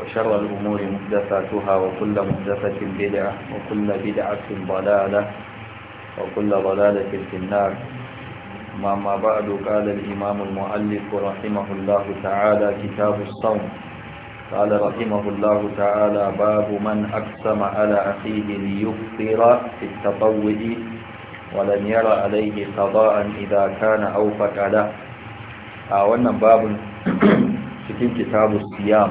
وشر الأمور محدثاتها وكل محدثة بدعة وكل بدعة ضلالة وكل ضلالة في النار ما بعد قال الإمام المؤلف رحمه الله تعالى كتاب الصوم قال رحمه الله تعالى باب من أقسم على أخيه ليفطر في التطوع ولن يرى عليه قضاء إذا كان أوفك له أولا آه، باب في كتاب الصيام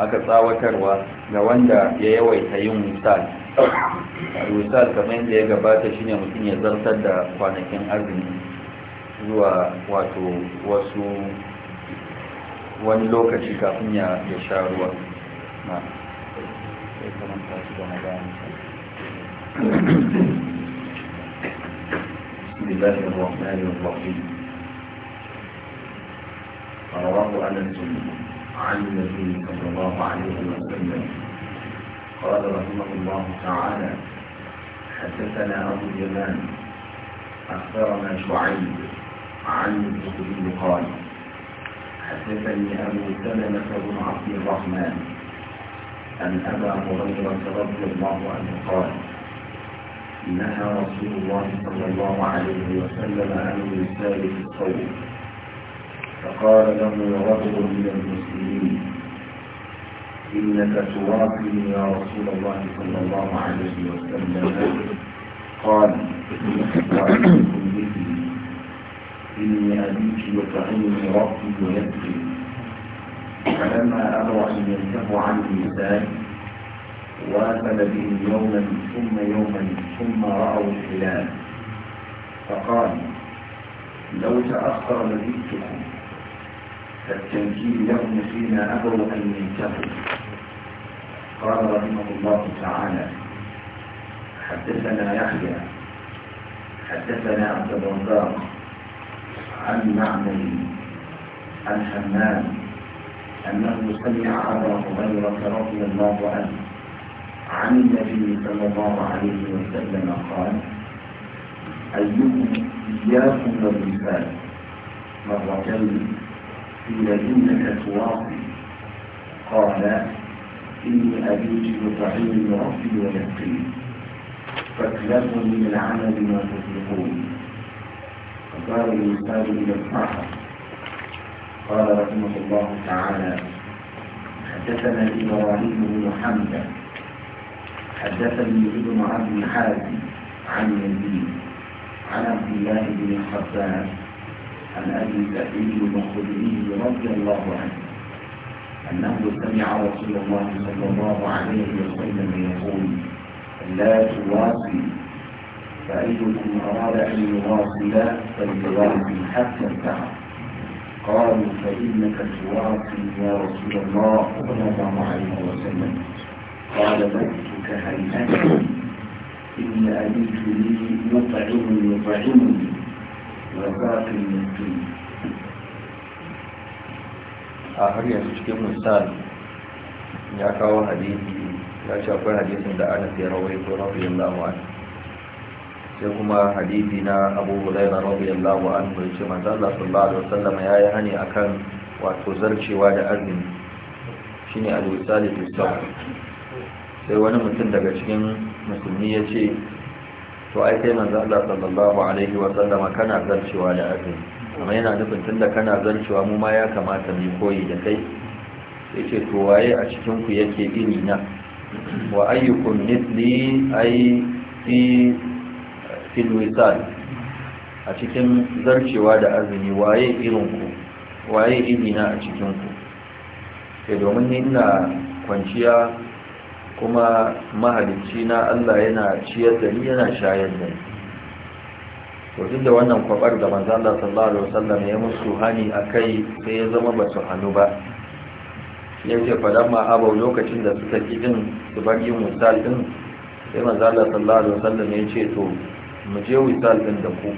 aka tsawatarwa ga wanda ya yawaita yin misal misal kamar yadda ya gabata shine mutum ya zartar da kwanakin azumi zuwa wato wasu wani lokaci kafin ya sha ruwa na بسم الله الرحمن الرحيم رواه أنس عن النبي صلى الله عليه وسلم قال رحمه الله تعالى حدثنا أبو اليمان أخبرنا شعيب عن الزهري قال حدثني أبو سلمة بن عبد الرحمن أن أبا هريرة رضي الله عنه قال نهى رسول الله صلى الله عليه وسلم عن وسائل الصوم فقال له رجل من المسلمين إنك توافي يا رسول الله صلى الله عليه وسلم قال إني أبيك يطعمني ربي ويبكي فلما أبرأ أن ينتهى عني ذلك واكل بهم يوما ثم يوما ثم رأوا الهلال فقال لو تأخر لبيتكم التنكيل لهم فيما أبوا أن ينتهوا قال رحمه الله تعالى حدثنا يحيى حدثنا عبد الرزاق عن معمر عن حمام أنه سمع أبا هريرة رضي الله عنه عن النبي صلى الله عليه وسلم قال أيكم إياكم والنساء مرتين قيل إنك تواصي قال إني أبيت يطعمني ربي ويقين فاكلفني من العمل ما تطلقون فقال الإنسان إلى الصحر قال رحمه الله تعالى حدثنا إبراهيم بن حمزة حدثني ابن عبد الحارث عن يزيد عن عبد الله بن الخباز عن أبي سعيد المخدري رضي الله عنه أنه سمع رسول الله صلى الله عليه وسلم يقول لا تواصي فأيكم أراد أن يواصل فليواصي حتى انتهى قالوا فإنك تواصي يا رسول الله صلى الله عليه وسلم قال بيتك هيئتك إن أبيت لي مطعم يطعمني a har yanzu cikin musal ya kawo hadisi ya ce akwai hadisin da ana ya rawaito radiyallahu anhu sai kuma hadisi na Abu Hurairah an anhu yace manzo Allah sallallahu alaihi ya yi hani a kan wato zarcewa da azumi shine al-wisal fi sai wani mutum daga cikin musulmi ya ce. to ai kai manzo Allah sallallahu alaihi wa sallama kana zarcewa da azumi amma yana nufin tunda kana zarcewa mu ma ya kamata ne koyi da kai yace to waye a cikin ku yake iri na wa ayyukum mithli ay fi a cikin zarcewa da azumi waye irin waye iri na a cikinku sai domin ni ina kwanciya kuma mahalicci na Allah yana ciyar da ni yana shayar da ni to da wannan kwabar da manzo Allah sallallahu alaihi wasallam ya musu hani akai sai ya zama ba su hanu ba yace dan ma lokacin da suka ki din su bar yin misal din sai manzo Allah sallallahu alaihi wasallam ya ce to mu je misal din da ku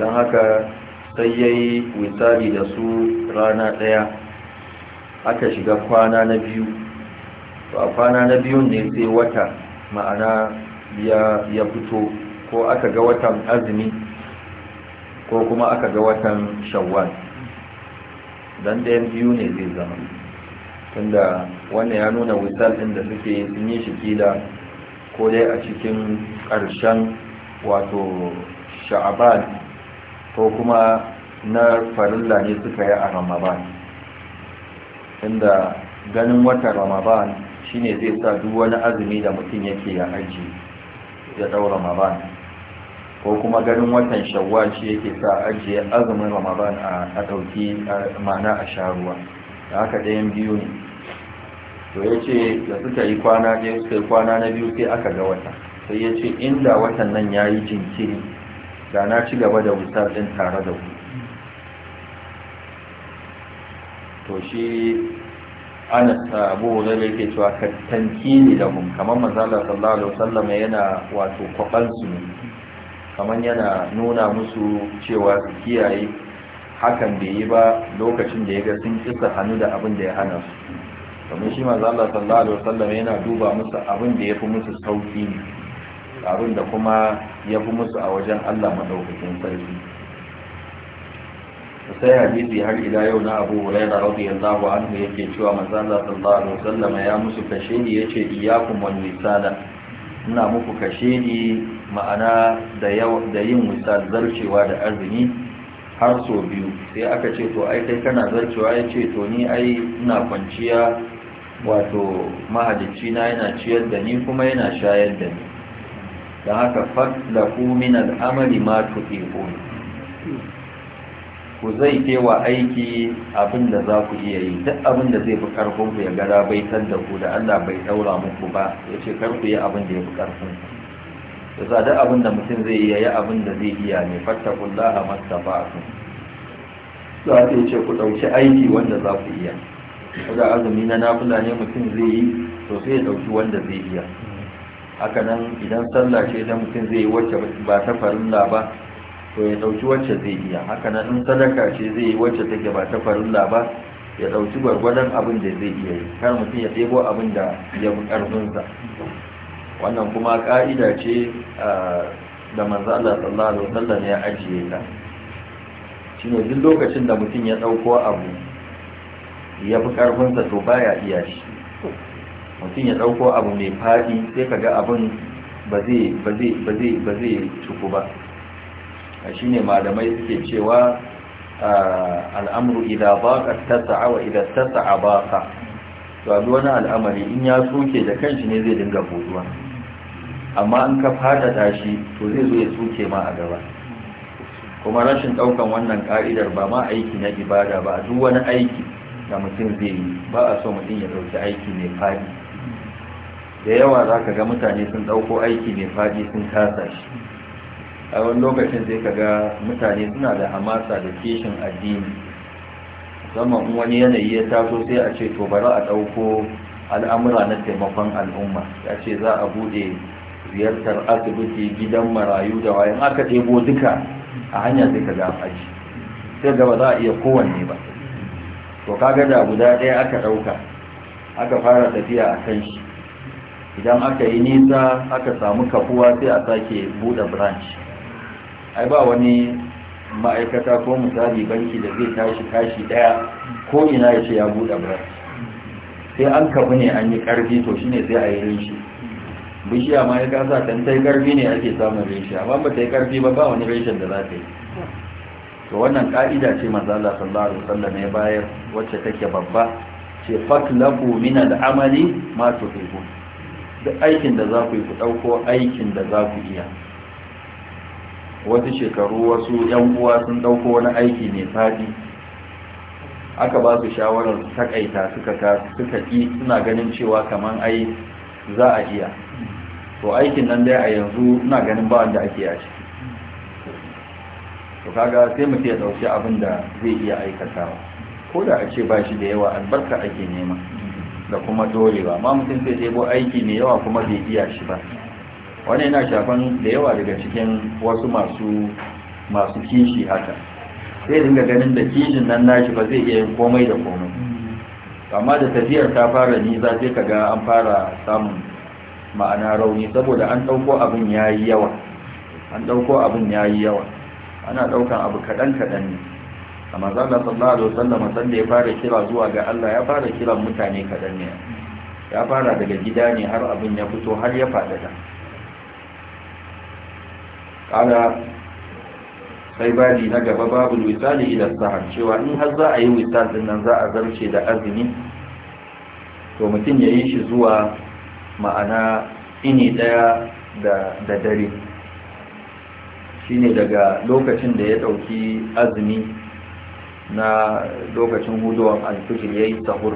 dan haka sai yayi misali da su rana daya aka shiga kwana na biyu to a kwana na biyun ne sai wata ma'ana ya fito ko aka ga watan azumi ko kuma aka ga watan shawwal don ɗayan biyu ne zai zama tunda wannan ya nuna wisal ɗin da suke sun yi shi kila ko dai a cikin ƙarshen wato sha'aban ko kuma na farilla ne suka yi a ramaban inda ganin watan ramaban. shine zai sa duk wani azumi da mutum yake ya aji ya daura ramadan ko kuma ganin watan shawwal shi yake sa ajiye azumin ramadan a dauki mana a sharuwa da haka ɗayan biyu ne to ya ce da suka yi kwana ɗaya suka yi kwana na biyu sai aka ga wata sai ya ce inda watan nan ya yi jinkiri da na ci gaba da wutar ɗin tare da ku to shi anas abu da yake cewa ka ne da mun kamar manzala sallallahu alaihi wasallam yana wato kwaban su kamar yana nuna musu cewa su kiyaye hakan bai yi ba lokacin da ya ga sun kisa hannu da abin da ya hana su Kamar shi manzala sallallahu alaihi wasallam yana duba musu abin da yafi musu sauki abin da kuma ya fi musu a wajen Allah madaukakin sarki sai hadisi har ila yau na abu huraira radiyallahu anhu yake cewa manzo Allah sallallahu alaihi wasallam ya musu kashe ni yace iyyakum wal misala ina muku kashe ni ma'ana da yin misal zarcewa da azumi har so biyu sai aka ce to ai kai kana zarcewa yace to ni ai ina kwanciya wato mahajjici na yana ciyar da ni kuma yana shayar da ni da haka fadlaku min al'amali ma tuqifun ku zai kewa aiki abin da za ku iya yi duk abin da zai fi karfin ku ya gara bai san da ku da Allah bai daura muku ba ya ce kar ku yi abin da ya fi karfin ku yasa duk abin da mutum zai iya yi abin da zai iya ne fatta fattakullaha mastafa'atu za ta ce ku ɗauki aiki wanda za ku iya da azumi na nafula ne mutum zai yi to sai ya ɗauki wanda zai iya haka nan idan sallah ce ta mutum zai yi wacce ba ta farilla ba to ya dauki wacce zai iya haka nan in sadaka ce zai yi wacce take ba ta farilla ba ya dauki gwargwadon abin da zai iya yi kar mutum ya debo abin da ya fi ƙarfinsa wannan kuma ka'ida ce da manzo Allah sallallahu alaihi wasallam ya ajiye ta shine duk lokacin da mutum ya dauko abu ya fi karfinsa to baya iya shi mutum ya dauko abu mai fadi sai kaga abin ba zai ba zai ba zai ba zai cuku ba shi ne malamai suke cewa ah, al'amuru idan ba ka tasa'a wa idan tasa'a baka to abu wani al'amari in ya soke da kan shi ne zai dinga buduwa amma in ka fadada shi to zai zo ya soke ma a gaba kuma rashin daukan wannan ka'idar ba ma aiki na ibada ba duk wani aiki da mutum zai yi ba a so mutum ya dauki aiki mai fadi da yawa za ka ga mutane sun dauko aiki mai fadi sun kasa shi a wani lokacin sai ka ga mutane suna da hamasa da keshin addini musamman wani yanayi ya taso sai a ce to bari a ɗauko al'amura na taimakon al'umma ya ce za a buɗe ziyartar asibiti gidan marayu da wayan aka ɗebo duka a hanya sai ka ga aji sai gaba za a iya kowanne ba to kaga da guda ɗaya aka ɗauka aka fara tafiya a kan shi idan aka yi nisa aka samu kafuwa sai a sake buɗe branch ai ba wani ma'aikata ko misali banki da zai tashi kashi daya ko ina ya ce ya buɗe branch sai an kafu ne an yi ƙarfi to shi ne sai a yi rinshi bishiya ma ya kasa ta ta yi ƙarfi ne ake samun rinshi amma ba ta yi ƙarfi ba ba wani rinshin da za ta yi to wannan ƙa'ida ce manzo Allah sallallahu alaihi wasallam ya bayar wacce take babba ce faklaku min al'amali ma tuhibbun duk aikin da za ku yi ku dauko aikin da za ku iya wasu shekaru wasu yan uwa sun dauko wani aiki mai fadi aka ba su shawarar takaita suka ka suka ki suna ganin cewa kaman ai za a iya to aikin nan dai a yanzu ina ganin ba wanda ake yashi to kaga sai mu ya dauki abin da zai iya aikatawa ko da a ce ba shi da yawa albarka ake nema da kuma dorewa ma mutum sai bo aiki mai yawa kuma bai iya shi ba wani yana shafan da yawa daga cikin wasu masu masu kishi haka sai dinga ganin da kishin nan nashi ba zai iya yin komai da komai mm. amma da tafiyar ta fara nisa sai kaga an fara samun ma'ana rauni saboda an ɗauko abin yayi yawa an ɗauko abin yayi yawa ana ɗaukan abu kaɗan kaɗan ne a manzana sallallahu alaihi wasallam san da ya fara kira zuwa ga Allah ya fara kiran mutane kaɗan ne ya fara daga gida ne har abin ya fito har ya faɗaɗa ana sai babi na gaba babu misali idan sahar cewa in har za a yi misalin nan za a zarce da azumi to mutum ya yi shi zuwa ma'ana ini daya da dare shine daga lokacin da ya dauki azumi na lokacin huduwan alfijir ya yi sahur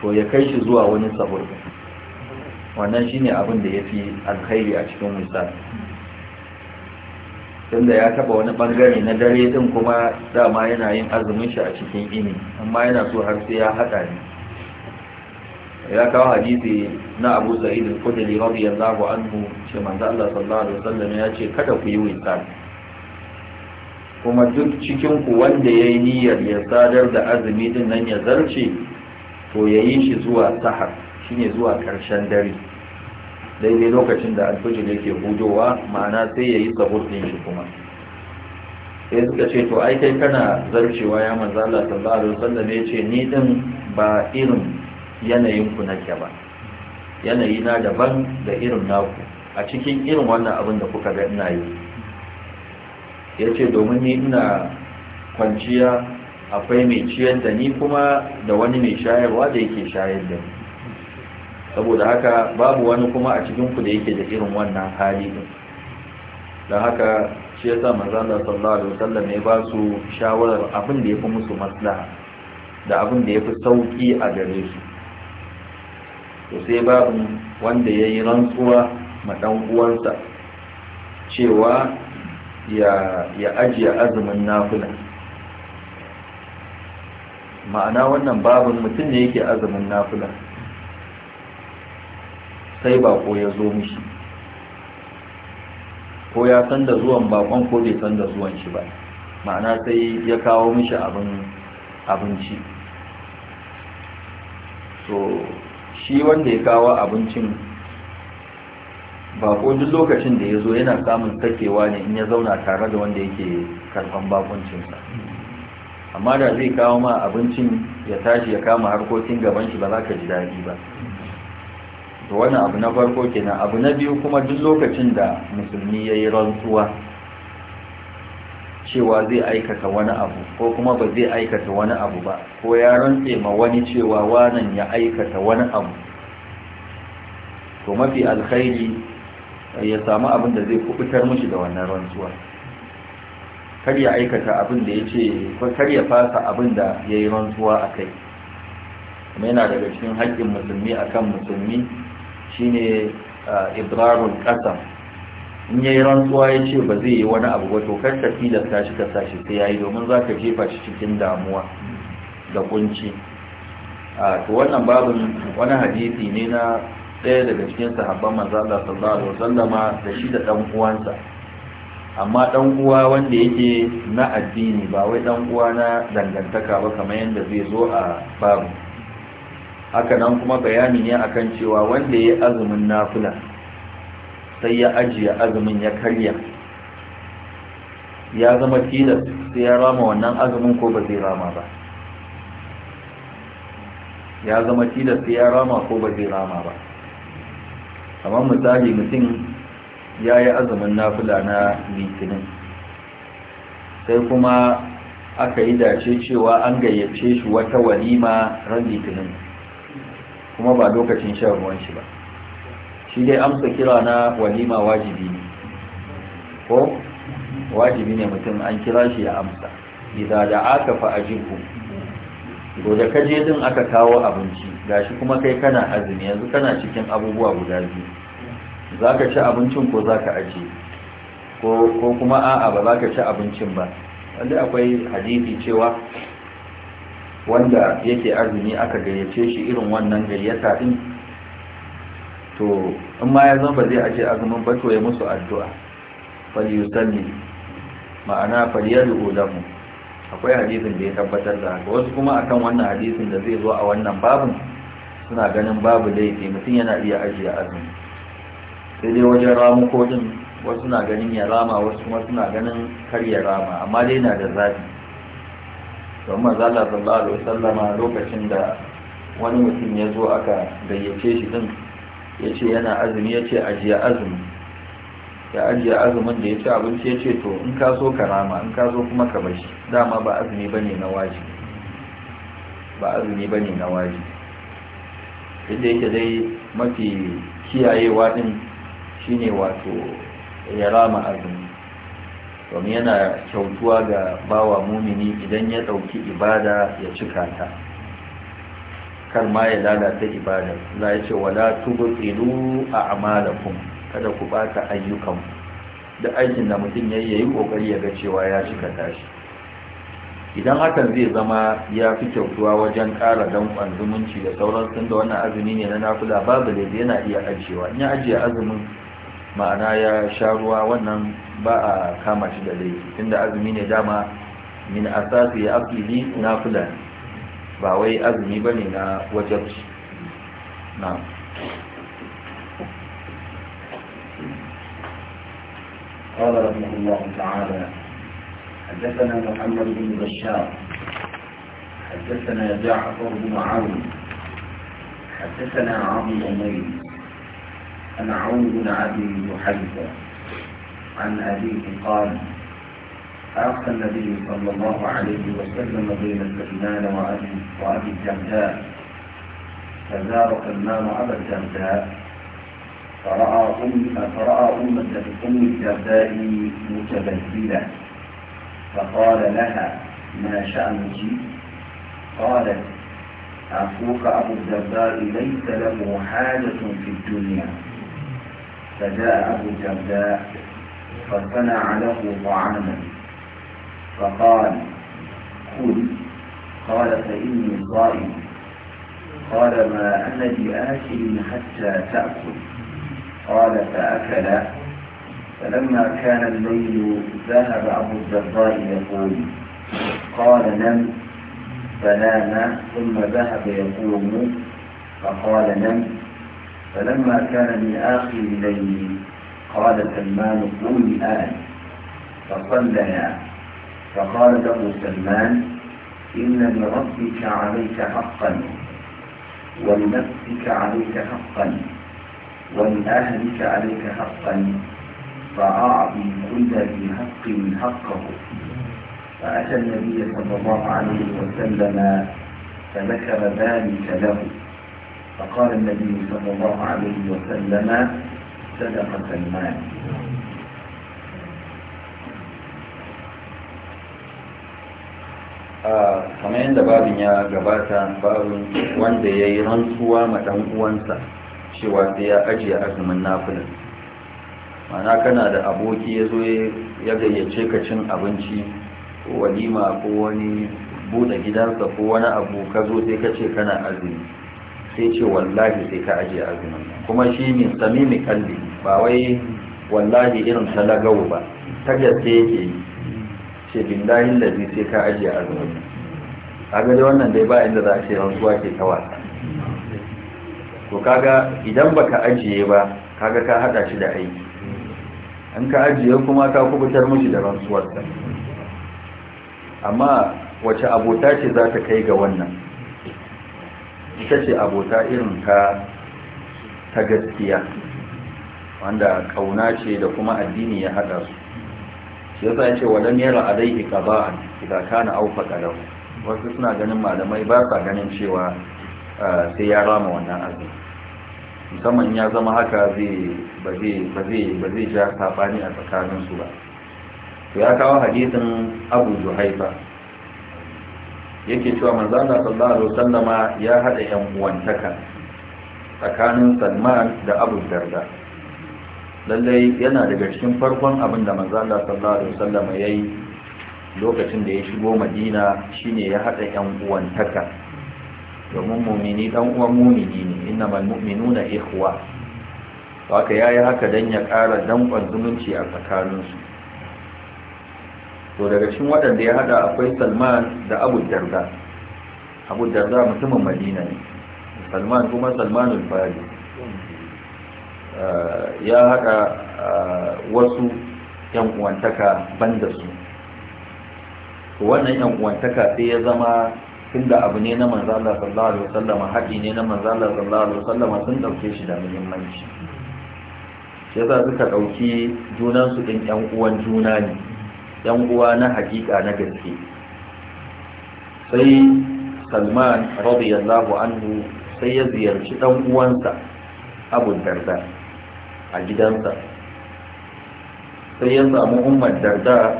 to ya kai shi zuwa wani sahur wannan shine abin da ya fi alkhairi a cikin misali tunda ya taba wani bangare na dare din kuma dama yana yin azumin shi a cikin ini amma yana so har sai ya hada ni. ya kawo hadisi na Abu Sa'id al-Khudri radiyallahu anhu shi manzo Allah sallallahu alaihi wasallam ya ce kada ku yi wita kuma duk cikin ku wanda yayi niyyar ya sadar da azumi din nan ya zarce to yayi shi zuwa sahar shine zuwa karshen dare daidai lokacin da alfijir yake hujowa ma'ana sai ya yi sahur ɗin shi kuma sai suka ce to ai kai kana zarcewa ya maza Allah sallallahu alaihi wasallam ya ce ni din ba irin yanayin ku nake ba yanayi na daban da irin naku a cikin irin wannan abin da kuka ga ina yi ya ce domin ni ina kwanciya akwai mai ciyar da ni kuma da wani mai shayarwa da yake shayar da ni saboda haka babu wani kuma a cikin ku da yake da irin wannan hali din don haka shi yasa manzo Allah sallallahu alaihi wasallam ya ba su shawarar abin da yafi musu maslaha da abin da yafi sauki a gare su to sai babu wanda yayi rantsuwa ma dan uwansa cewa ya ya ajiye azumin nafila ma'ana wannan babin mutum ne yake azumin nafila sai bako ya zo mishi ko ya san da zuwan bakon ko bai san da zuwan shi ba ma'ana sai ya kawo mishi abinci so shi wanda ya kawo abincin bako duk lokacin da ya zo yana samun takewa ne in ya zauna tare da wanda yake karban bakoncinsa amma da zai kawo ma abincin ya tashi ya kama harkokin gaban shi ba za ka ji daɗi ba to wannan abu na farko kenan abu na biyu kuma duk lokacin da musulmi ya yi rantsuwa cewa zai aikata wani abu ko kuma ba zai aikata wani abu ba ko ya rantse ma wani cewa wannan ya aikata wani abu to mafi alkhairi ya samu abin da zai kubutar mushi da wannan rantsuwa kar ya aikata abin da ya ce kar ya fasa abin da ya yi rantsuwa a kai kuma yana daga cikin haƙƙin musulmi akan musulmi shine uh, ibrarun qasam in yayi rantsuwa ya ce ba zai yi wani abu ba to kar ka tilasta shi ka sashi sai yayi domin zaka jefa shi cikin damuwa da kunci a to wannan babin wani hadisi ne na ɗaya daga cikin sahabban manzo Allah sallallahu alaihi da shi da dan uwansa amma dan uwa wanda yake na addini ba wai dan uwa na dangantaka ba kamar yadda zai zo a babu haka nan kuma bayani ne akan cewa wanda ya azumin nafila sai ya ajiye azumin ya karya ya zama tilas sai ya rama wannan azumin ko ba zai rama ba ya zama tilas sai ya rama ko ba zai rama ba kamar misali mutum ya yi azumin nafila na litinin sai kuma aka yi dace cewa an gayyace shi wata walima ran litinin kuma ba lokacin shan ruwan shi ba shi dai amsa kira na walima wajibi ne ko wajibi ne mutum an kira shi ya amsa idan da aka fa ajibu goda kaje din aka kawo abinci gashi kuma kai kana azumi yanzu kana cikin abubuwa guda biyu zaka ci abincin ko zaka aje ko ko kuma a'a ba zaka ci abincin ba wanda akwai hadisi cewa wanda yake azumi aka gayyace shi irin wannan gayyata din to in ma ya zama ba zai ajiye azumin ba to ya musu addu'a falyusalli ma'ana falyadu lahu akwai hadisin da ya tabbatar da haka wasu kuma akan wannan hadisin da zai zo a wannan babin suna ganin babu laifi mutum yana iya ajiye azumi sai dai wajen ramu kodin wasu na ganin ya rama wasu kuma suna ganin kar rama amma dai na da zafi don mazala sallallahu alaihi sallama lokacin da wani mutum ya zo aka gayyace shi din ya ce yana azumi ya ce ajiye azumi ya ajiya azumin da ya ci abinci ya ce to in ka so karama in ka so kuma ka bashi dama ba azumi bane na waji ba azumi ne na waji inda yake dai mafi kiyayewa din shine wato ya rama azumi domin yana kyautuwa ga bawa mumini idan ya ɗauki ibada ya cika ta kar ma ya lalata ibada Za ya ce wala a amalakun kada ku ɓata ayyukan da aikin da mutum yayi yi ƙoƙari ya ga cewa ya cika tashi idan hakan zai zama ya fi kyautuwa wajen ƙara danƙon zumunci da sauran sun da wannan azumi ne na nafula babu da yana iya ajiyewa in ya ajiye azumin ma'ana ya sha ruwa wannan ba a kama shi da laifi tunda azumi ne dama min asasi ya afili na fulan ba wai azumi ba ne na wajabci na قال رحمه الله تعالى حدثنا محمد بن بشار حدثنا جعفر بن عون حدثنا عبد الأمير عن عون بن ابي محيطه عن أبيه قال ألقى النبي صلى الله عليه وسلم بين سلمان وأبي وأبي الدرداء فزار سلمان أبا الدرداء فرأى أم فرأى أم أم الدرداء متبذلة فقال لها ما شأنك؟ قالت أخوك أبو الدرداء ليس له حاجة في الدنيا فجاء أبو الدرداء فصنع له طعاما فقال كل قال فإني صائم قال ما أنا بآكل حتى تأكل قال فأكل فلما كان الليل ذهب أبو الدرداء يقول قال نم فنام ثم ذهب يقوم فقال نم فلما كان لآخر الليل قال سلمان قولي ان فصليا فقال له سلمان إن لربك عليك حقا ولنفسك عليك حقا ولأهلك عليك حقا فأعطي كل ذي حق حقه فأتى النبي صلى الله عليه وسلم فذكر ذلك له فقال النبي صلى الله عليه وسلم صدق A kamar yadda babin ya gabata babin wanda ya yi rantsuwa ma ɗan uwansa cewa sai ya ajiye azumin nafilin mana kana da aboki ya zo ya gayyace ka cin abinci ko walima ko wani buɗe gidansa ko wani abu ka zo sai ka ce kana azumi sai ce wallahi sai ka aje azumin kuma shi min samimi kalbi ba wai wallahi irin talagawo ba ta gaske yake yi ce billahi lazi sai ka aje azumin a gari wannan dai ba inda za a ce rantsuwa ke ta wasa to kaga idan ba ka ajiye ba kaga ka hada shi da aiki an ka ajiye kuma ka kubutar mishi da rantsuwarsa amma wace abota ce za ta kai ga wannan ita ce abota irin ta ta gaskiya wanda kauna ce da kuma addini ya haɗa su shi yasa yace walam yara alaihi qada'an idan kana aw faqalahu wasu suna ganin malamai ba sa ganin cewa sai ya rama wannan azumi musamman ya zama haka zai ba zai ba zai ba zai ja sabani a tsakanin su ba to ya kawo hadisin Abu Juhaifa yake cewa manzana sallallahu alaihi ya haɗa yan uwantaka tsakanin Salman da Abu Darda lallai yana daga cikin farkon abin da manzana sallallahu alaihi wasallama yayi lokacin da ya shigo Madina shine ya hada yan uwantaka domin mu'mini dan uwan mu'mini ne innamal mu'minuna ihuwa haka yayi haka dan ya ƙara dankon zumunci a tsakaninsu to daga cikin waɗanda ya hada akwai salman da abu darda abu darda mutumin madina ne salman kuma salmanul fari eh, ya hada eh, wasu yan uwantaka banda su to wannan yan uwantaka sai ya zama tun da abu ne na Manzala sallallahu alaihi wasallam haɗi ne na Manzala sallallahu alaihi wasallam sun ɗauke shi da muhimmanci Ya sa suka ɗauki junansu ɗin yan uwan juna ne yan uwa na hakika na gaske sai salman radiyallahu anhu sai ya ziyarci dan uwansa abu darda a gidansa sai ya samu umar darda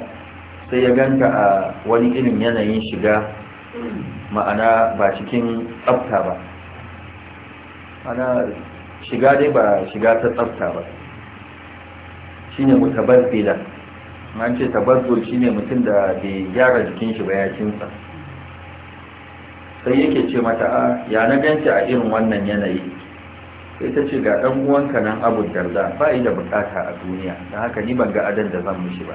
sai ya ganka a wani irin yanayin shiga ma'ana ba cikin tsafta ba ana shiga dai ba shiga ta tsafta ba shine mutabazzila an ce tabazzur ne mutum da bai gyara jikin shi ba ya cinsa sai yake ce mata a ah, ya na ganci a irin wannan yanayi sai ta ce ga dan uwanka nan abu darda ba da bukata a duniya da haka ni ban ga adan da zan mishi ba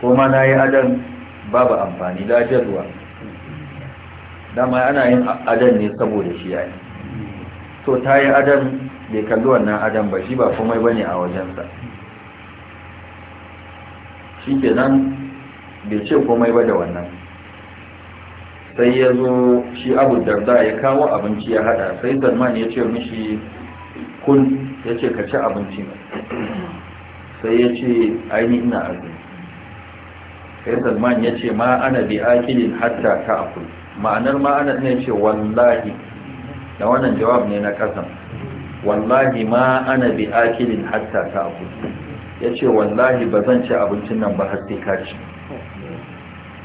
ko ma na yi adan babu amfani da dama ana yin adan ne saboda shi ya yi. to ta yi adan bai kalli wannan adan ba shi ba komai ne a wajensa shi nan, bai ce komai ba da wannan sai ya zo shi abu darda ya kawo abinci ya hada sai salman ya ce mishi kun ya ce ka ci abinci sai ya ce aini ina azumi sai zalman ya ce ma ana bi akilin hatta ta akul ma'anar ma'ana ne ce wallahi da wannan jawab ne na kasan wallahi ma ana bi akilin hatta ta akul ya ce wallahi ba zan ci abincin nan ba har sai ka ci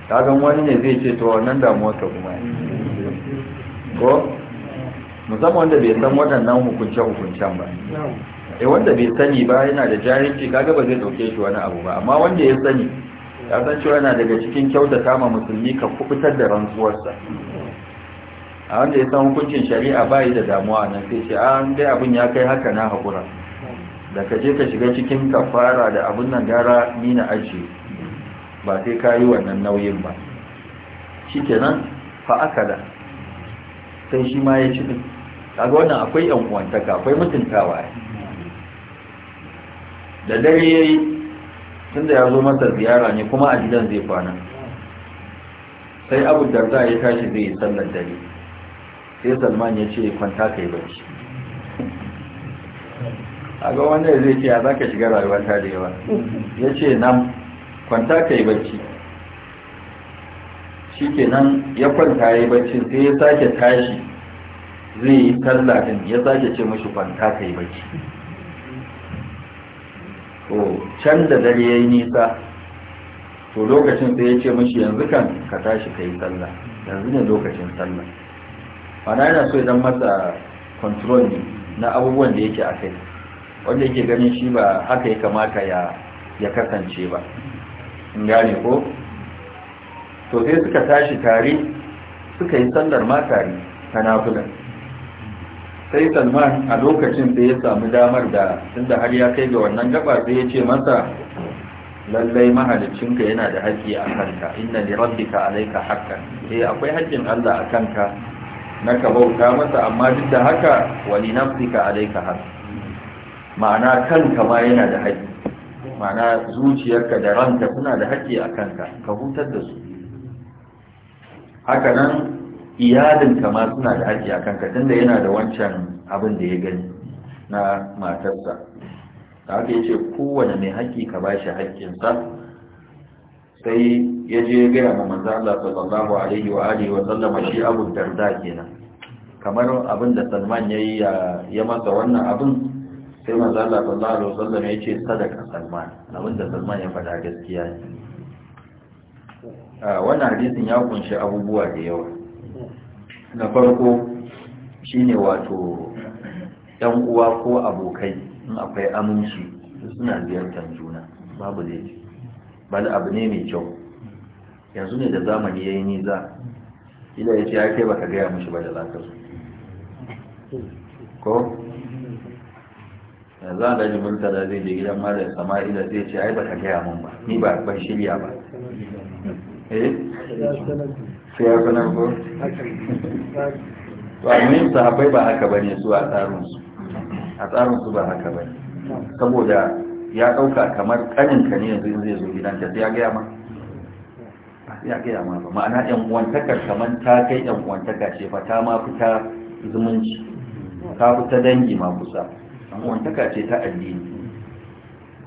kagan wani ne zai ce to wannan damuwar ka kuma ko musamman wanda bai san waɗannan hukunce-hukuncen ba eh wanda bai sani ba yana da jarinci kaga ba zai dauke shi wani abu ba amma wanda ya sani ya san cewa yana daga cikin kyautata ma musulmi ka fitar da rantsuwarsa a wanda ya san hukuncin shari'a bayi da damuwa nan sai ce an ah, dai abin ya kai haka na haƙura da ka je ka shiga cikin kafara da abin nan gara ni na aji ba sai ka yi wannan nauyin ba shi kenan fa aka da sai shi ma ya ci din kaga wannan akwai yan uwantaka akwai mutuntawa da dare ya yi. Tun da ya zo masa ziyara ne kuma a gidan zai kwana sai abu darda ya tashi zai yi sallar dare sai salman ya ce kwanta ka yi bacci a ga wanda zai ce ya za ka shiga rayuwa ta da yawa ya ce nan kwanta ka yi bacci shi ke nan ya kwanta ya yi bacci sai ya sake tashi zai yi tallafin ya sake ce mashi kwanta ka yi bacci to can da dare ya yi nisa to lokacin sai ya ce mashi yanzu kan ka tashi ka yi sallah yanzu ne lokacin sallah ana yana so idan masa kontrol ne na abubuwan da yake a kai wanda yake ganin shi ba haka ya kamata ya kasance ba in gane ko to sai suka tashi tare suka yi sallar ma tare ta nafilan sai salman a lokacin sai ya samu damar da tunda har ya kai ga wannan gaba sai ya ce masa lallai mahalicinka yana da haƙƙi a kanka inna li rabbika alayka haqqan eh akwai haƙƙin Allah a kanka na ka bauta masa amma duk da haka wali li nafsika alayka haqqan ma'ana kanka ma yana da haƙƙi ma'ana zuciyarka da ranka suna da haƙƙi a kanka ka hutar da su haka nan iyalinka ma suna da haƙƙi a kanka tunda yana da wancan abin da ya gani na matarsa da haka yace kowane mai haƙƙi ka ba shi haƙƙinsa sai ya je ya gaya ma manzo Allah sallallahu alaihi wa alihi wa sallama shi Abu Darda kenan kamar abin da Salman yayi ya masa wannan abin sai manzo Allah sallallahu alaihi wasallam ya ce sadaka Salman abinda Salman ya faɗa gaskiya ne ah, wannan hadisin ya kunshi abubuwa da yawa na farko shine wato 'yan uwa ko abokai in akwai aminci suna ziyartar juna babu laifi bal abu ne mai kyau yanzu ne da zamani yayi yi niza ila ya ce ya kai baka gaya mashi ba da za ko yanzu an daji mulka da zai je gidan malam sama'ila zai ce ai baka gaya mun ba ni ba ban shirya ba eh sai ya sanar ko to sahabbai ba haka bane su a tsarin su a tsarin su ba haka bane saboda ya dauka kamar kanin ka ne yanzu zai zo gidan ka sai ya gaya ma ya gaya ma ba ma'ana yan uwantakar kamar ta kai yan uwantaka ce fa ta ma fita zumunci ta fita dangi ma kusa wantaka ce ta addini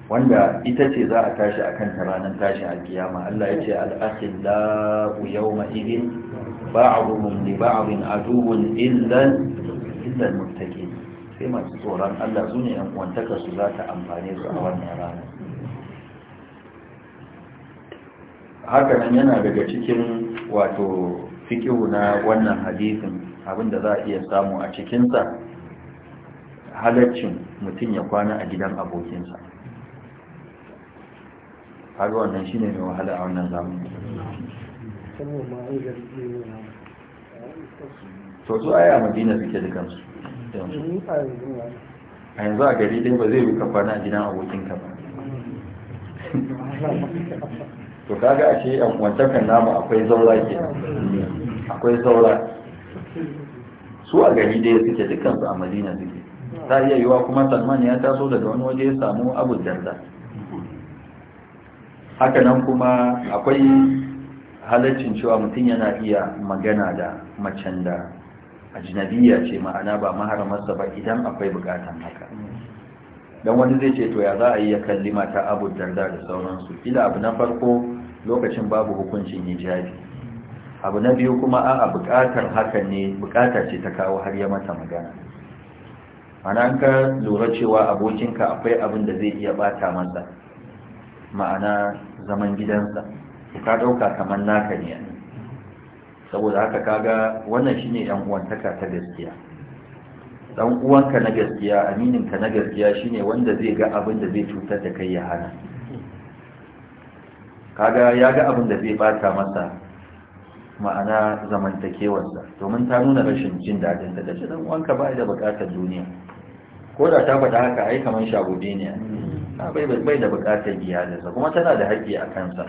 wanda ita ce za a tashi a kan ranar tashin alkiyama Allah ya ce al'akhillahu yawma idin ba'dhum ne ba'dhin aduwwun illa illan mutake sai masu tsoron Allah su ne yan kwantaka su za ta amfane su a wannan rana hakanan yana daga cikin wato fikihu na wannan hadithin abinda za a iya samu a cikinsa halaccin mutum ya kwana a gidan abokinsa har wannan shi ne mai wahala a wannan zamani to su aya madina suke kansu. a yanzu a gari ɗin ba zai yi kwana a gidan abokinka ba to kaga a ce yan wancan namu akwai zaura ke akwai zaura su a gari ɗaya suke dukansu a madina suke ta iya yiwa kuma salman ya taso daga wani waje ya samu abu darda haka nan kuma akwai halaccin cewa mutum yana iya magana da macen da ajinabiya ce ma'ana ba maharamarsa ba idan akwai bukatan haka don wani zai ce to ya za a iya ya kalli mata abu darda da sauransu ila abu na farko lokacin babu hukuncin hijabi abu na biyu kuma a bukatar haka ne bukata ce ta kawo har ya mata magana an ka lura cewa abokinka akwai abin da zai iya bata masa ma'ana zaman gidansa ka dauka kamar naka ne saboda haka kaga wannan shine yan uwantaka ta gaskiya dan uwanka na gaskiya amininka na gaskiya shine wanda zai ga abin da zai cutar da kai ya hana kaga ya ga abin da zai bata masa ma'ana zamantakewarsa domin ta nuna rashin jin dadin da ce dan uwanka ba da bukatar duniya ko da ta faɗa haka ai kamar shagube ne bai da buƙatar sa, kuma tana da haƙƙi a kansa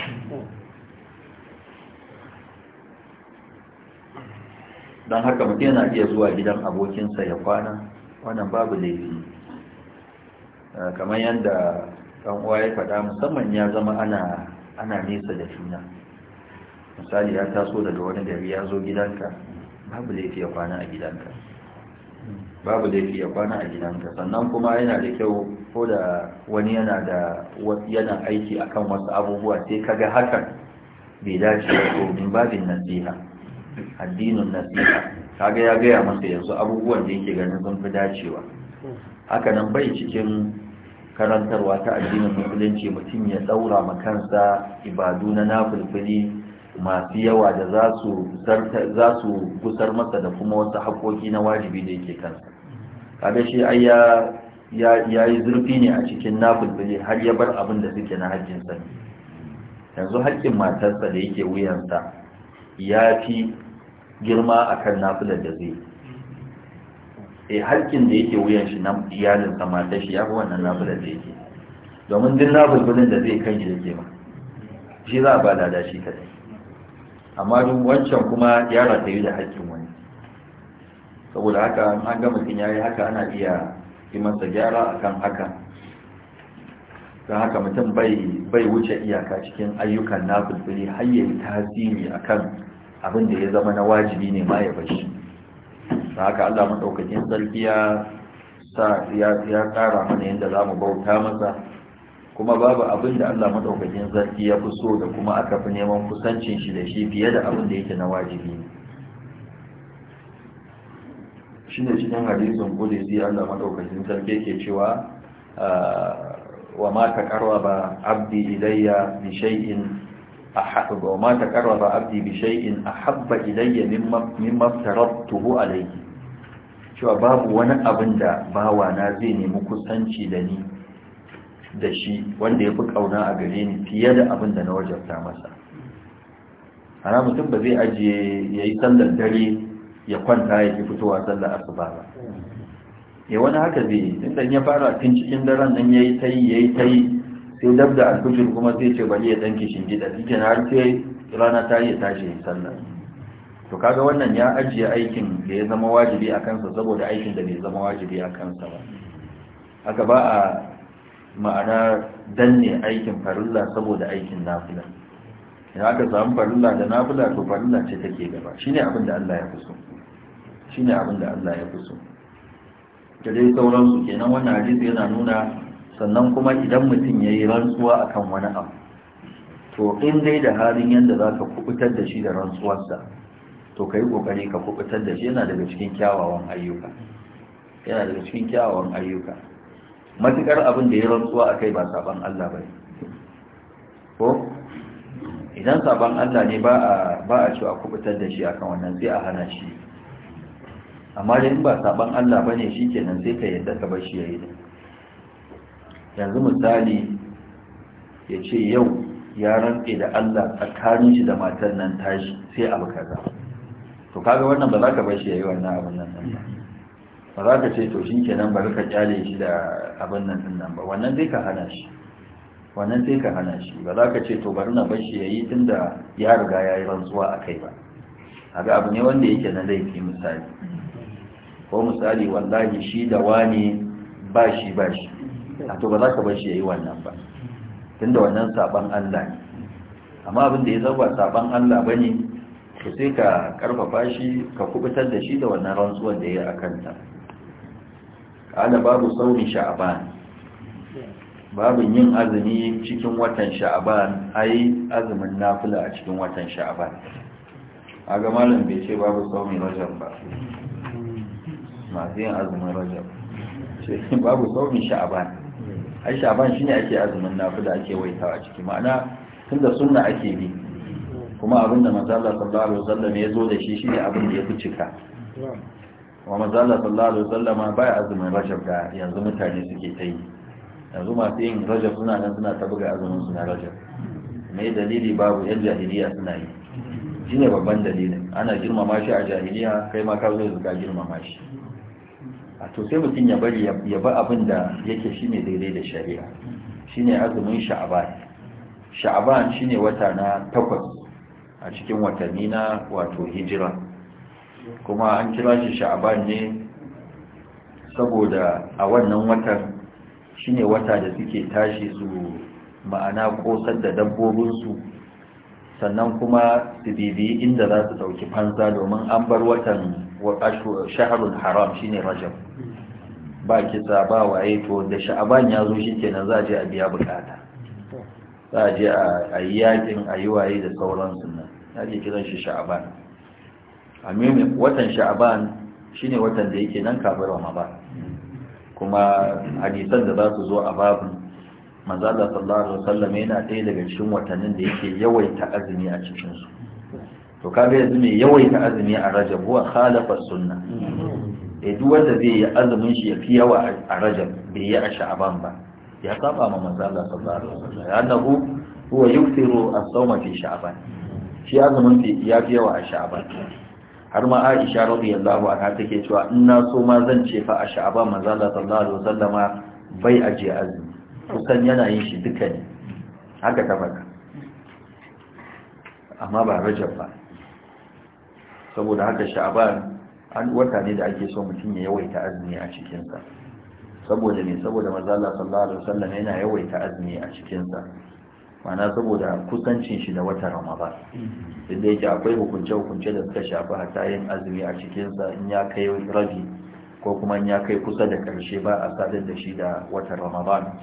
don haka mutum yana iya zuwa gidan abokinsa ya kwana wannan babu laifi eh, kamar yadda ɗan uwa ya faɗa musamman ya zama ana ana nesa da juna misali ya taso daga wani gari ya zo gidanka babu laifi ya kwana a gidanka babu laifiya ya kwana a gidanka sannan kuma yana da kyau ko da wani yana da yana aiki akan wasu abubuwa sai kaga hakan bai dace ba ko min babin nasiha addinin nasiha kaga ya gaya masa yanzu abubuwan da yake ganin sun fi dacewa haka nan bai cikin karantarwa ta addinin musulunci mutum ya daura ma kansa ibadu na nafulfuli. masu yawa da za su gusar masa da kuma wasu haƙoƙi na wajibi da yake kansa Kada shi ai ya yi zurfi ne a cikin nafulfili har ya bar abin da suke na haƙƙinsa ne yanzu haƙƙin matarsa da yake wuyansa ya fi girma a kan nafular da zai e haƙƙin da yake wuyan shi na iyalinsa matar shi ya fi wannan nafular da yake domin duk nafulfilin da zai kan shi da ke ma shi za a ba da shi kadai amma duk wancan kuma ya yi da haƙƙin wani saboda haka an ga mutum ya yi haka ana iya yi masa gyara akan haka don haka mutum bai wuce iyaka cikin ayyukan na fulfuli har yi tasiri akan abin da ya zama na wajibi ne ma ya bashi da haka allah maɗaukakin sarki ya tsara mana yadda za mu bauta masa kuma babu abin da Allah maɗaukakin zarki ya fi so da kuma aka fi neman kusancin shi da shi fiye da abin da yake na wajibi ne shi ne cikin hadisin kudusi Allah maɗaukakin zarki ke cewa ah, wa ma ba abdi ilayya bi shay'in أحب وما تقرب عبدي بشيء أحب إلي مما cewa babu wani شو da bawana zai nemi kusanci da ni. da shi wanda ya fi kauna a gare ni fiye da abin da na wajarta masa ana mutum ba zai ajiye ya yi sallar dare ya kwanta ya ki fitowa sallar asuba ba ya wani haka zai yi tun ya fara tun cikin daren nan ya yi ta yi ya yi ta yi sai dab da alfijir kuma zai ce bari ya ɗan kishin gida shi har sai rana ta yi tashi ya sallar to kaga wannan ya ajiye aikin da ya zama wajibi a kansa saboda aikin da bai zama wajibi a kansa ba haka ba a ma'ana danne aikin farilla saboda aikin nafila in aka samu farilla da nafila to farilla ce take gaba shine abin da Allah ya shine abin da Allah ya fi da dai sauransu kenan wannan hadisi yana nuna sannan kuma idan mutum yayi yi rantsuwa akan wani abu to in dai da halin yadda zaka ka kubutar da shi da rantsuwarsa to kai kokari ka kubutar da shi yana daga cikin kyawawan ayyuka yana daga cikin kyawawan ayyuka matuƙar abin da ya rantsuwa a kai ba saban Allah ba ko idan saban Allah ne ba a cewa kubutar da shi a kan wannan sai a hana shi amma da in ba saban Allah ba ne shi kenan sai ka yadda ka bashi ya yi yanzu misali ya ce yau ya rantse da Allah tsakanin shi da matar nan tashi sai abu kaza to kaga wannan ba za ka bashi ya yi wannan abin nan ba ba za ka ce to shi kenan bari ka kyale shi da abin nan din nan ba wannan zai ka hana shi wannan sai ka hana shi ba za ka ce to bari na bashi ya yi tun da ya riga ya yi rantsuwa a kai ba a abu ne wanda yake na laifi misali ko misali wallahi shi da wani ba shi ba shi a to ba za ka bashi ya yi wannan ba tun da wannan saban allah ne amma abin da ya zaba saban allah bane, ne to sai ka karfafa shi ka kubutar da shi da wannan rantsuwar da ya yi a kanta kala babu saurin sha'aban babin yin azumi cikin watan sha'aban ai azumin nafila a cikin watan sha'aban a ga malam bai ce babu saurin rajab ba masu yin azumin rajab ce babu saurin sha'aban ai sha'aban shine ake azumin nafila ake waitawa ciki ma'ana tunda sunna ake bi kuma abinda manzo Allah sallallahu alaihi wasallam ya zo da shi shine abin da ya fi cika wa mazala sallallahu alaihi wasallama baya azumin rajab da yanzu mutane suke ta yi yanzu masu yin rajab suna nan suna ta buga azumin suna rajab mai dalili babu yan jahiliya suna yi shine babban dalilin ana girmama shi a jahiliya kai ma ka zo yanzu ka girmama shi a to sai mutum ya bari ya ba abin da yake shi ne daidai da shari'a shine azumin sha'aban sha'aban shine wata na takwas a cikin watanni na wato hijira kuma an kira shi sha'aban ne saboda a wannan watan shine wata da suke tashi su ma'ana kosar da dabbobinsu sannan kuma su bibiyi inda za su dauki fansa domin an bar watan shaharun haram shine rajab ba kisa ba waye to da sha'aban ya zo shi kenan za a je a biya bukata za a je a yi yakin a yi waye da sauransu nan ya ke kiran shi sha'aban amini watan sha'aban shine watan da yake nan kafin ramadan kuma hadisan da za su zo a babin manzo Allah sallallahu alaihi wasallam yana ɗaya daga cikin watannin da yake yawaita azumi a cikin su to kaga yanzu mai yawaita azumi a rajab huwa khalafa sunna eh duk wanda zai yi azumin shi yafi yawa a rajab bai yi a sha'aban ba ya saba ma manzo Allah sallallahu alaihi wasallam annahu huwa yukthiru as-sawma fi sha'aban shi azumin yafi yawa a sha'aban har ma Aisha radiyallahu anha take cewa in na so ma zan ce fa a sha'aba manzo Allah sallallahu alaihi wasallam bai aje azumi kusan yana yin shi duka ne haka ta faɗa amma ba rajab ba saboda haka sha'aban an wata ne da ake so mutum ya yawaita azumi a cikinsa saboda ne saboda manzo Allah sallallahu alaihi wasallam yana yawaita azumi a cikinsa mana saboda kusancin shi da wata ramadan inda mm-hmm. yake akwai hukunce-hukunce da suka shafi hata yin azumi a cikinsa in ya kai rabi ko kuma in ya kai kusa da karshe ba a sadar da shi da wata ramadan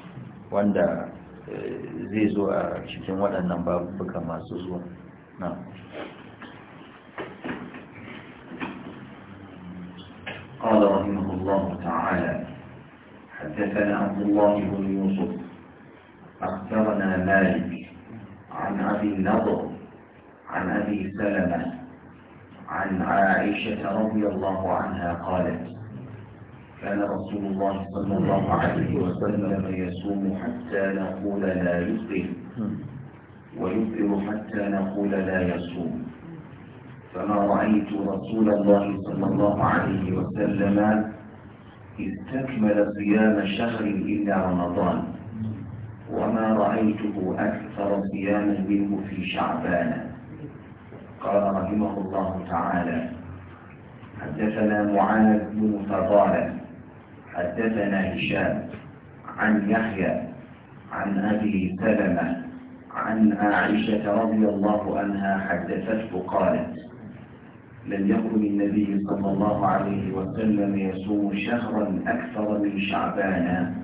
wanda eh, zai zo a cikin waɗannan babuka masu zuwa na قال رحمه الله تعالى حدثنا عبد الله بن يوسف أخبرنا مالك عن أبي النضر عن أبي سلمة عن عائشة رضي الله عنها قالت كان رسول الله صلى الله عليه وسلم يصوم حتى نقول لا يفطر ويفطر حتى نقول لا يصوم فما رأيت رسول الله صلى الله عليه وسلم استكمل صيام شهر إلا رمضان وما رأيته أكثر صياما منه في شعبان قال رحمه الله تعالى حدثنا معاذ بن فضالة حدثنا هشام عن يحيى عن أبي سلمة عن عائشة رضي الله عنها حدثته قالت لم يكن النبي صلى الله عليه وسلم يصوم شهرا أكثر من شعبان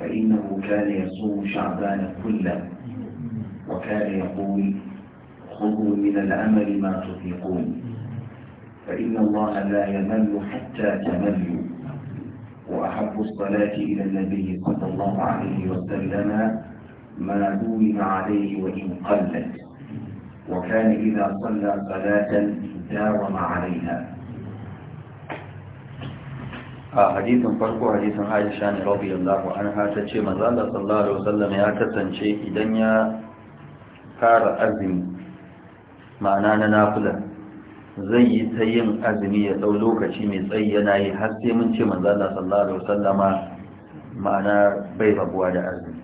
فإنه كان يصوم شعبان كله وكان يقول خذوا من العمل ما تطيقون فإن الله لا يمل حتى تملوا وأحب الصلاة إلى النبي صلى الله عليه وسلم ما دون عليه وإن قلت وكان إذا صلى صلاة داوم عليها a hadisin farko hadisin aisha ne radiyallahu an hata ce manzo Allah sallallahu alaihi wasallam ya kasance idan ya fara azumi ma'ana na nafila zai yi ta yin azumi ya dau lokaci mai tsayi yana yi har sai mun ce manzo Allah sallallahu alaihi wasallama ma'ana bai rabuwa da azumi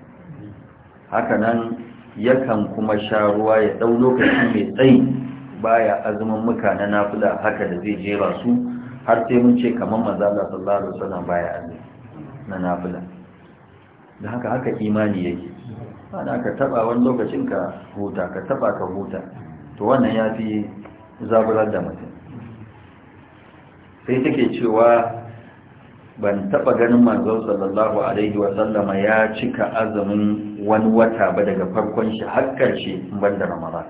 haka nan yakan kuma sha ruwa ya dau lokaci mai tsayi baya azumin muka na nafila haka da zai jera su har sai mun ce kamar manzo Allah sallallahu alaihi wasallam baya azumi na nafila da haka haka imani yake ana ka taba wani lokacin ka huta ka taba ka huta to wannan ya fi zaburar da mutum sai take cewa ban taba ganin manzo sallallahu alaihi wasallam ya cika azumin wani wata ba daga farkon shi har karshe ban da ramadan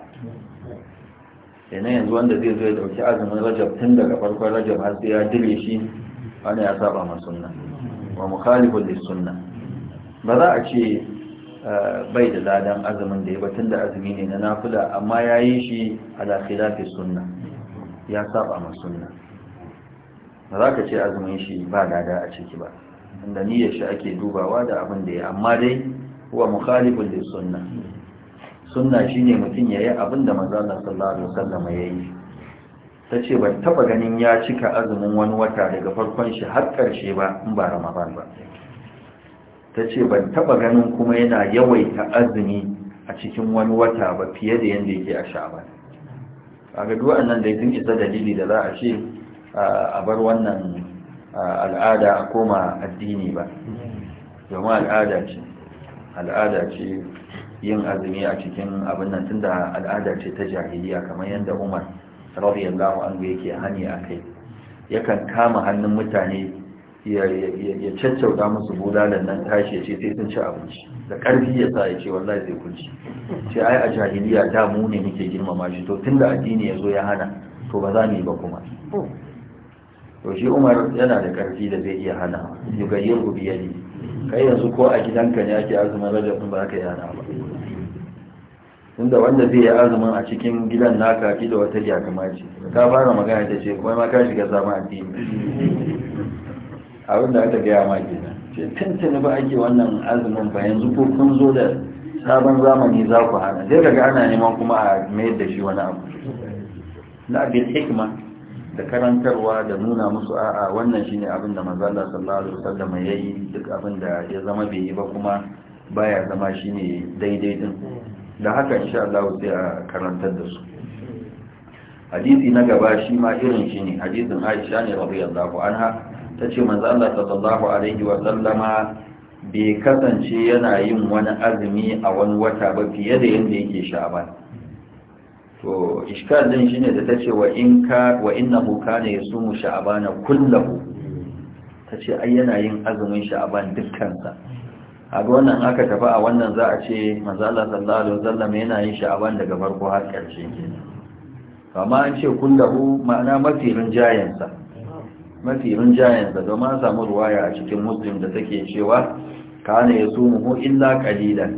kenan yanzu wanda zai zo dauki azumin rajab tun daga farkon rajab har sai ya dire shi wani ya saba ma sunna wa mukhalifu lis sunna ba za a ce eh, bai da ladan azumin da ya ba tun da azumi ne na nafila amma ya yi shi ala khilafi sunna ya saba ma sunna ba za ka ce azumin shi ba lada a ciki ba inda niyyar shi ake dubawa da abin da ya amma dai huwa mukhalifu lis sunna sunna shine mutum ya yi abin da manzon Allah sallallahu alaihi yi. Ta ce ba taba ganin ya cika azumin wani wata daga farkon shi har karshe ba in ba Ramadan ba Ta ce ban taba ganin kuma yana yawaita azumi a cikin wani wata ba fiye da yanda yake a a A duk nan da ya isa dalili da za a ce a bar wannan al'ada a koma addini ba domin al'ada ce yin azumi a cikin abin nan tunda al'ada ce ta jahiliya kamar yadda umar radiyallahu anhu yake hani a kai yakan kama hannun mutane ya caccauta musu budalan nan tashi ya ce sai sun ci abinci da ƙarfi ya sa ya ce wallahi zai kunci sai ai a jahiliya da mu ne muke girmama shi to tunda addini ya zo ya hana to ba za mu yi ba kuma to shi umar yana da ƙarfi da zai iya hana yugayyar ubiyani kai yanzu ko a gidanka ne ake azumin rajab ba ka yi hana ba inda wanda zai yi azumin a cikin gidan naka ido wata yakama ce ka fara magana ta ce kuma ma ka shiga sama addini abin da aka gaya ma kenan ce tuntuni ba ake wannan azumin ba yanzu ko kun zo da sabon zamani za ku hana zai ga ana neman kuma a mayar da shi wani abu na abin hikima da karantarwa da nuna musu a'a wannan shine abin da manzo Allah sallallahu alaihi wasallam yayi duk abin da ya zama bai yi ba kuma baya zama shine daidai din da haka insha Allah sai a karantar da su hadisi na gaba shi ma irin shi ne hadisin Aisha ne radiyallahu anha tace manzo Allah sallallahu alaihi wa sallama bai kasance yana yin wani azumi a wani wata ba fiye da yanda yake sha'ban to iskar din shine da tace wa in ka wa innahu kana yasumu sha'bana kullahu tace ai yana yin azumin sha'aban dukkan sa a ga wannan aka tafi a wannan za a ce mazala sallallahu alaihi yana yin sha'aban daga farko har ƙarshe kama an ce kullahu ma'ana mafirin rinjayensa mafirin rinjayensa domin ma samu ruwaya a cikin muslim da take cewa kana ya sumuhu illa qalilan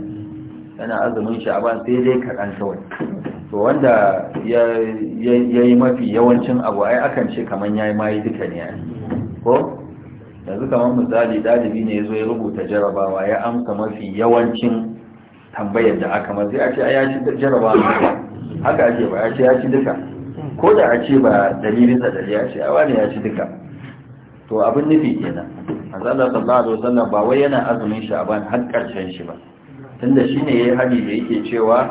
yana azumin sha'aban sai dai kaɗan kawai to wanda ya yi mafi yawancin abu ai akan ce kaman yayi mayi duka ne ko yanzu kamar misali dalibi ne ya zo ya rubuta jarabawa ya amsa mafi yawancin tambayar da aka mazi a ce a ya ci jarabawa haka a ce ba ya ce ya ci duka ko da a ce ba dalilin da dalilin ya ce a wani ya ci duka to abin nufi kenan azalla sallallahu alaihi wasallam ba wai yana azumin sha'ban har karshen shi ba tunda shine yayi hadi da yake cewa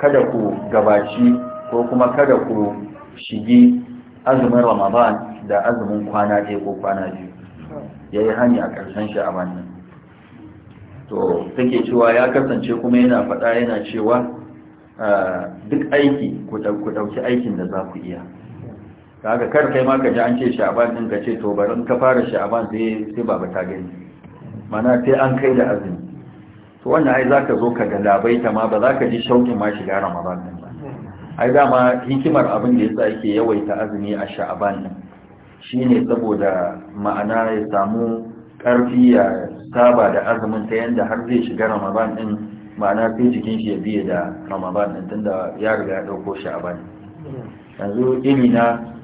kada ku gabaci ko kuma kada ku shigi azumin ramadan da azumin kwana ɗaya ko kwana biyu ya yi hani a ƙarshen sha'aban a to take cewa ya kasance kuma yana faɗa yana cewa ah, duk aiki ku ɗauki aikin da za ku iya kaga kar kai ma ka ji an ce sha'aban din ka ce to bari in ka fara sha'aban sai sai baba ta gani mana sai an kai da azumi to wannan ai za ka zo ka galabai ta ma ba za ka ji shauƙin ma shiga ramadan ba ai dama hikimar abin da yasa yake yawaita azumi a sha'aban din shine saboda ma'ana ya samu ƙarfi ya saba da azumin ta yanda har zai shiga ramadan din ma'ana sai jikin shi ya biye da ramadan din tunda ya riga ya ɗauko shi a bani yanzu ilina na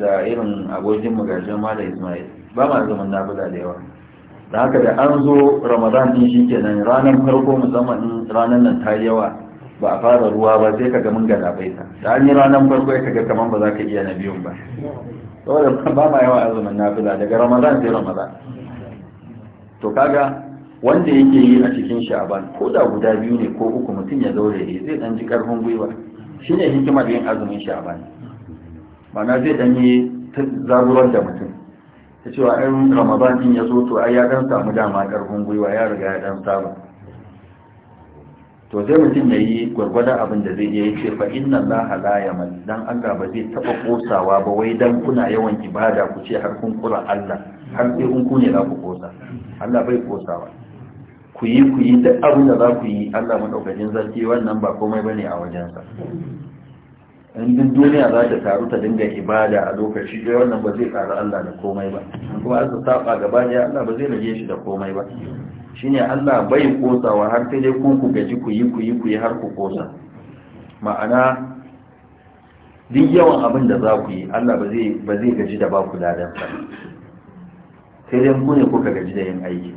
da irin abokin magajin mala ismail ba ma zaman nafila da yawa da haka da an zo ramadan din shi kenan ranar farko musamman ranar nan ta yawa ba a fara ruwa ba sai ka ga mun ta da an yi ranar farko ya kaga kamar ba za ka iya na biyun ba saboda ba ma yawa azumin nafila daga ramadan sai ramadan to kaga wanda yake yi a cikin sha'aban ko da guda biyu ne ko uku mutum ya zaure ne zai dan ji karfin gwiwa shine hikimar yin azumin sha'aban mana zai dan yi zaburar da mutum ta cewa ɗan ramadan ɗin ya zo to ai ya dan samu dama karfin gwiwa ya riga ya dan samu. to sai mutum ya yi gwargwadon abin da zai iya yi ce fa'in nan la halaya mai don allah ba zai taɓa ƙosawa ba wai don kuna yawan ibada ku ce har kun kura allah har sai kun kune za ku ƙosa allah bai ƙosawa ku yi ku yi duk abin da za ku yi allah maɗaukacin zarki wannan ba komai ba ne a wajensa in duk duniya za ta taru ta dinga ibada a lokaci da eh, wannan ba zai ƙara allah da komai ba kuma an saba gaba ɗaya allah ba zai rage shi da komai ba shine Allah bai kosawa har sai dai ku ku gaji ku yi ku yi ku yi har ku kosa ma'ana duk yawan abin da za ku yi Allah ba zai gaji da ba ku ladan sa sai dai ku ne kuka gaji da yin aiki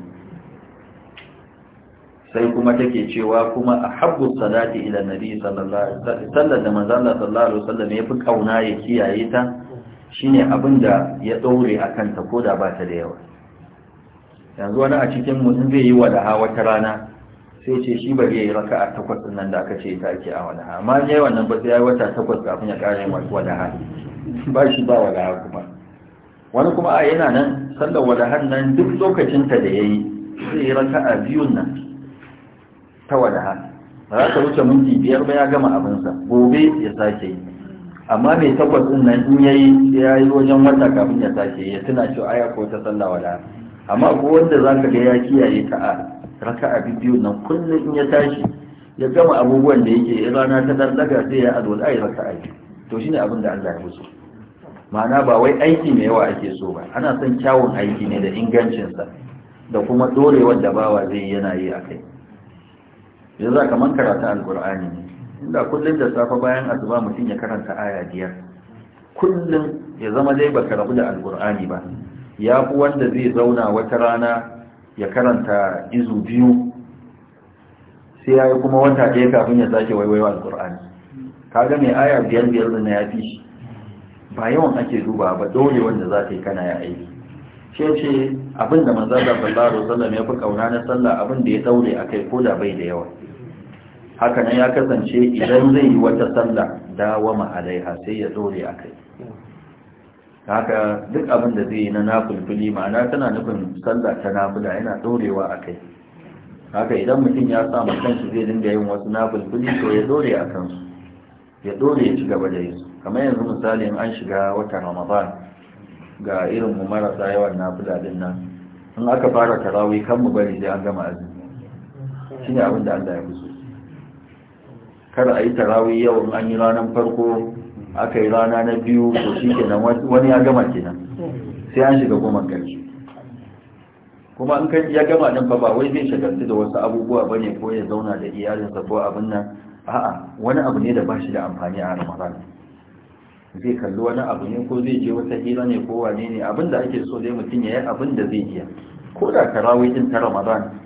sai kuma take cewa kuma a habbu salati ila nabi sallallahu alaihi wasallam da manzo Allah sallallahu alaihi wasallam ya fi kauna ya kiyaye ta shine abin da ya daure akan ta koda ba ta da yawa yanzu wani a cikin mutum zai yi hawa wata rana sai ce shi bari ya yi raka a takwas nan da aka ce ta ake a ha? amma ya yi wannan ba sai ya yi wata takwas kafin ya ƙara yin ha? ba shi ba ha kuma wani kuma a yana nan sallar wadahan nan duk lokacinta da ya yi zai yi raka a biyun nan ta wada ba za ta wuce minti biyar ba ya gama abinsa gobe ya sake yi amma mai takwas ɗin nan in ya yi ya yi wajen wata kafin ya sake ya tuna cewa aya ko ta wada ha? amma ko wanda za ka ga ya kiyaye ta a raka a biyu nan kullum in ya tashi ya gama abubuwan da yake ya rana ta dan daga sai ya azwal ai raka a to shine abin da Allah ya musu ma'ana ba wai aiki mai yawa ake so ba ana son kyawun aiki ne da ingancinsa da kuma dorewar da bawa zai yana yi a yanzu za kaman karata alkur'ani ne inda kullum da safe bayan asuba mutum ya karanta aya biyar kullum ya zama dai baka rabu da alkur'ani ba ya fi wanda zai zauna wata rana ya karanta izu biyu sai ya yi kuma wata ɗaya kafin ya sake waiwaiwa Ka ga mai aya biyar biyar da na ya fi shi ba yawan ake duba ba dole wanda za ka yi kana ya aiki ce ce abin da manzan da sallam ya fi kauna na sallah abin da ya daure a kai koda bai da yawa haka nan ya kasance idan zai yi wata sallah dawama alaiha sai ya daure a kai haka duk abin da zai yi na nafulfuli ma'ana tana nufin sallah ta nafula yana dorewa a kai haka idan mutum ya sa kansu zai dinga yin wasu nafulfuli to ya dore a kansu ya dore ya ci gaba da yi kamar yanzu misali in an shiga wata ramadan ga irin mu marasa yawan nafula din nan in aka fara tarawi kan mu bari sai an gama azumi shine abin da Allah ya fi so kada a yi tarawi yau in an yi ranar farko aka yi rana na biyu to shi kenan wani ya gama kenan sai an shiga goma ƙarshe kuma in kai ya gama nan ba wai zai shagarci da wasu abubuwa bane ko ya zauna da iyalinsa ko abin nan a'a wani abu ne da ba shi da amfani a ramadan zai kalli wani abu ne ko zai je wata hira ne ko wane ne abin da ake so dai mutum ya yi abin da zai iya ko da karawai din ta ramadan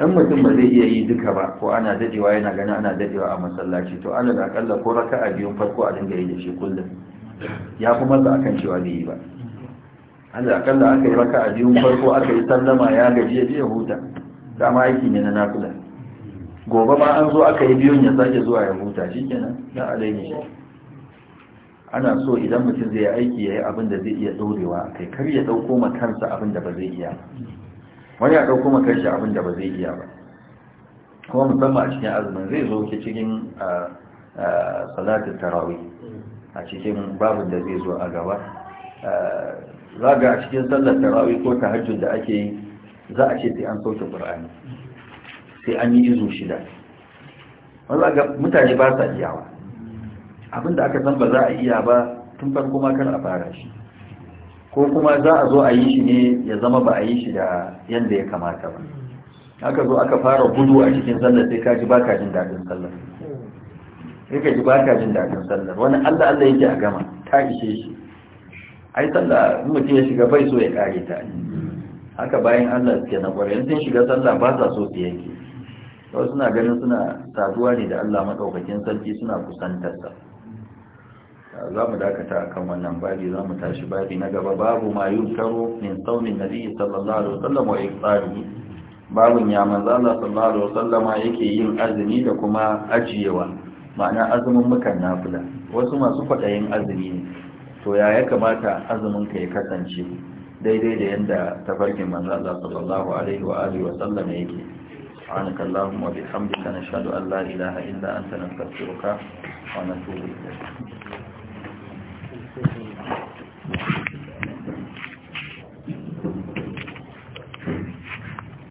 in mutum ba zai iya yi duka ba ko ana dadewa yana gani ana dadewa a masallaci to ana da akalla ko raka a biyun farko a dinga yi da shi kullum ya fi masa akan cewa zai yi ba an da akalla aka yi raka a biyun farko aka yi sallama ya gaji ya huta dama aiki ne na nakula gobe ma an zo aka yi biyun ya sake zuwa ya huta shi kenan na alaini shi ana so idan mutum zai yi aiki ya yi abin da zai iya ɗorewa kai kar ya ɗauko ma kansa abin da ba zai iya wani ya ɗauko shi abin da ba zai iya ba kuma musamman a cikin azumin zai zo ke cikin salatin tarawi a cikin babin da zai zo a gaba za ga cikin sallar tarawi ko ta hajjun da ake yi za a ce sai an sauke ƙur'ani sai an yi izu shida wanda ga mutane ba sa iyawa abinda aka san ba za a iya ba tun farko ma kar a fara shi ko kuma za a zo a yi shi ne ya zama ba a yi shi da yadda ya kamata ba aka zo aka fara gudu a cikin sallar sai ka ji ba ka jin daɗin sallar sai ka ji ba ka jin daɗin sallar wani allah allah yake a gama ta ishe shi ai sallah mutum ya shiga bai so ya kare ta haka bayan allah ke na ƙwarai sun shiga sallah ba sa so su yanke wasu suna ganin suna saduwa ne da allah maɗaukakin sarki suna kusantarsa za mu dakata akan wannan babi za mu tashi babi na gaba babu ma karo min saunin nabi sallallahu alaihi wasallam wa iqtari babun ya manzo Allah sallallahu alaihi wasallam yake yin azumi da kuma ajiyewa ma'ana azumin mukan nafila wasu masu yin azumi ne to ya ya kamata azumin ka ya kasance daidai da yanda tafarkin manzo Allah sallallahu alaihi wa alihi wasallam yake سبحانك اللهم وبحمدك نشهد أن لا إله إلا أنت نستغفرك ونتوب إليك Thank you.